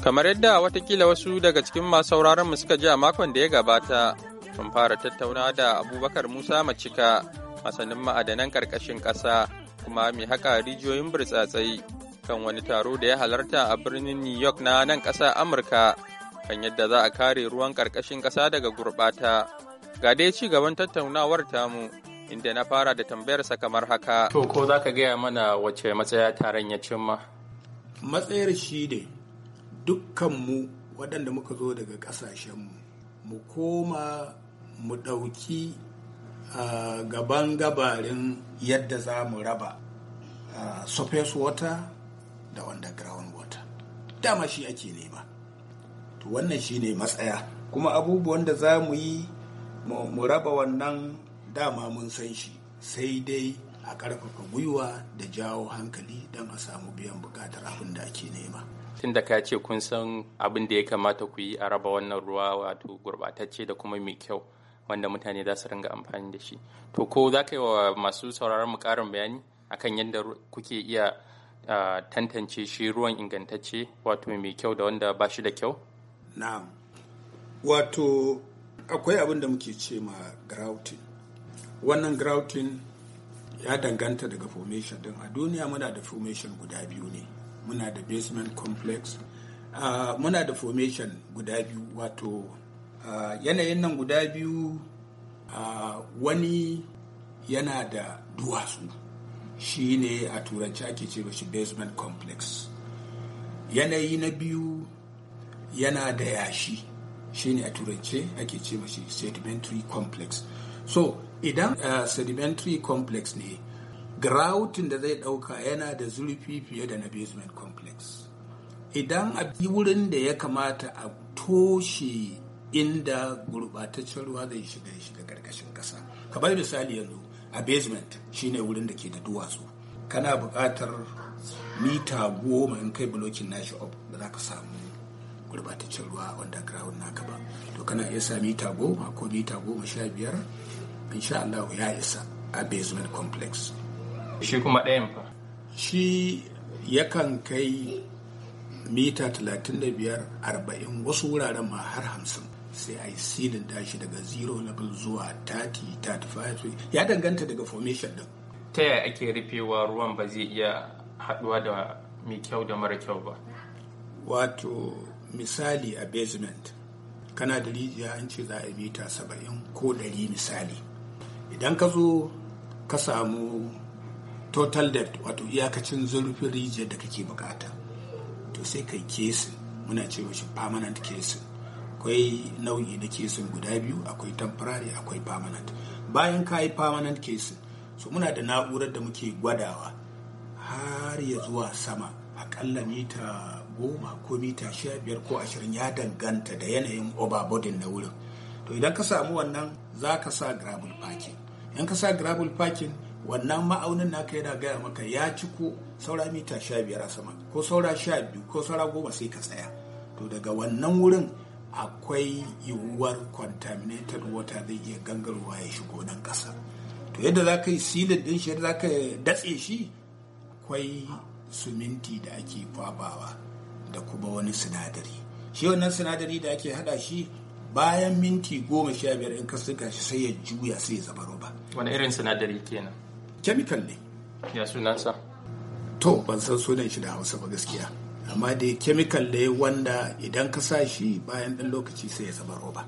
Kamar yadda watakila wasu daga cikin masu mu suka ji a makon da ya gabata, mun fara tattauna da Abubakar Musa Macika, masanin ma'adanan karkashin ƙasa, kuma mai haka rijiyoyin burtsatsai kan wani taro da ya halarta a birnin New York na nan ƙasa Amurka kan yadda za a kare ruwan karkashin ƙasa daga gurɓata. Ga dai ci gaban tattaunawar tamu inda na fara da tambayarsa kamar haka. To ko za ka gaya mana wace matsaya taron ya cimma? Matsayar shi ne dukkanmu waɗanda muka zo daga ƙasashenmu mu koma mu ɗauki gaban gabarin yadda za mu raba surface water da underground water dama shi ake nema to wannan shi ne matsaya kuma abubuwan da za mu yi mu raba wannan dama mun san shi sai dai a ƙarfafa gwiwa da jawo hankali don a samu biyan buƙatar abin da ake nema. tun da ka ce kun san abin da ya kamata ku yi a raba wannan ruwa wato gurbatacce da kuma mai kyau wanda mutane za su ringa amfani da shi to ko za ka yi wa masu sauraron mu karin bayani akan yadda kuke iya tantance shi ruwan ingantacce wato mai kyau da wanda ba shi da kyau na'am wato akwai abin da muke ce ma grouting wannan grouting ya danganta daga formation din a duniya muna da formation guda biyu ne muna da basement complex uh, muna da formation guda biyu wato uh, yanayin nan guda biyu uh, wani yana da duwatsu shi ne a turanci ake ce shi basement complex yanayi na biyu yana da yashi shi ne a turance ake ce shi sedimentary complex so idan uh, sedimentary complex ne grouting da zai ɗauka yana da zurfi fiye da na basement complex idan a wurin da ya kamata a toshe inda gurbataccen ruwa zai shiga shiga ƙarƙashin ƙasa kamar misali yanzu a basement shine wurin da ke da duwatsu kana buƙatar mita goma in kai blokin nashi up da za ka samu gurbataccen ruwa wanda ground naka ba to kana iya sa mita goma ko mita goma sha biyar insha Allah ya isa a basement complex shi kuma ɗayan fa shi yakan kai mita 35 40 wasu wuraren ma har 50 sai a yi silin dashi daga zero level zuwa 30 35 ya danganta daga formation din ta yaya ake rufewa ruwan ba zai iya haduwa da mai kyau da mara kyau ba wato misali a basement kana da rijiya an ce za a mita 70 ko 100 misali idan ka zo ka samu total debt wato iyakacin zurfin rijiyar da kake bukata to sai kai kesin muna ce mashi permanent kesin akwai nau'i na kesin guda biyu akwai temporary akwai permanent bayan ka yi permanent kesin so muna da na'urar da muke gwadawa har ya zuwa sama akalla mita goma ko mita sha biyar ko ashirin ya danganta da yanayin overboarding na wurin to idan ka samu wannan za ka sa gravel parking in ka sa gravel parking wannan ma'aunin naka yana gaya maka ya ci ko saura mita sha biyar a sama ko saura sha biyu ko saura goma sai ka tsaya to daga wannan wurin akwai yiwuwar contaminated water zai iya gangarwa ya shigo nan ƙasa to yadda za ka yi silin din shi za ka datse shi akwai suminti da ake kwabawa da kuma wani sinadari shi wannan sinadari da ake hada shi bayan minti goma sha biyar in ka shi sai ya juya sai ya zama roba wani irin sinadari kenan chemical ne ya sa. to ban san sunan shi da hausa ba gaskiya amma dai chemical ne wanda idan ka sa shi bayan ɗan lokaci sai ya zama roba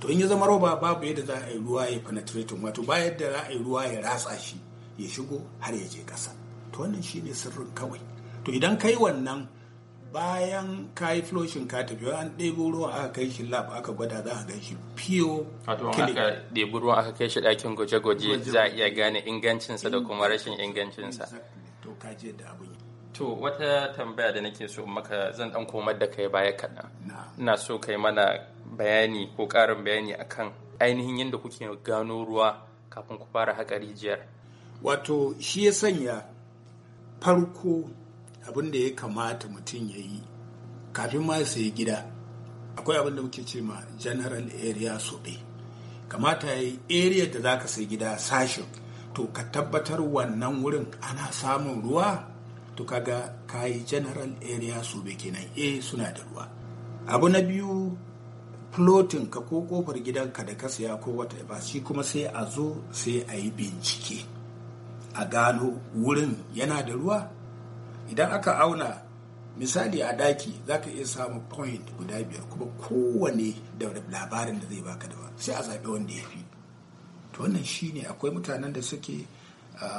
to in ya zama roba babu yadda za a yi ruwa ya penetrating wato bayan da za a yi ruwa ya ratsa shi ya shigo har ya je ƙasa to wannan shi ne sirrin kawai to idan ka yi wannan bayan kayi yi floshin ka tafi an ɗebo ruwa aka kai shi lab aka gwada za a gan shi fiyo wato aka ɗebo ruwa aka kai shi ɗakin gwaje-gwaje za a iya gane ingancinsa da kuma rashin ingancinsa to ka je da abin to wata tambaya da nake so maka zan dan komar da kai baya kaɗan ina so kai mana bayani ko karin bayani akan ainihin yadda kuke gano ruwa kafin ku fara haƙa rijiyar wato shi ya sanya farko abin da ya kamata mutum ya yi kafin ma sayi gida akwai abin da muke ce ma general area soɓe kamata ya yi area da za ka sayi gida sashen to ka tabbatar wannan wurin ana samun ruwa to kaga ka yi general area soɓe kenan eh suna da ruwa abu na biyu plotin ka ko kofar gidanka da ka saya ko wata ba shi kuma sai a zo sai a yi bincike a gano wurin yana da ruwa idan aka auna misali a daki za ka iya samun point guda biyar kuma kowane da labarin da zai baka da ba sai a zaɓi wanda ya fi to wannan shine akwai mutanen da suke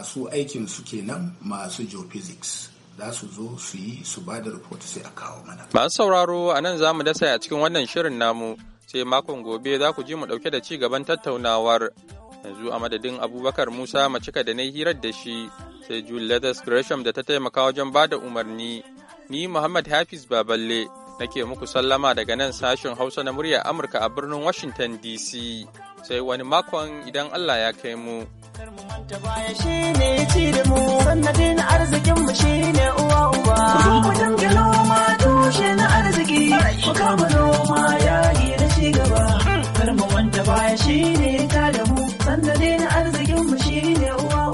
su aikin suke nan masu geophysics za su zo su yi su ba da report sai a kawo mana masu sauraro a nan za mu dasa a cikin wannan shirin namu sai makon gobe za ku ji mu ɗauke da ci gaban tattaunawar yanzu a madadin abubakar musa macika da na hirar da shi sai jule gresham da ta taimaka wajen ba da umarni ni muhammad hafiz baballe nake muku sallama daga nan sashen hausa na murya amurka a birnin washington dc sai wani makon idan allah ya kai mu Kar mu manta baya ne ta Allah dai na arzikin mu ne uwa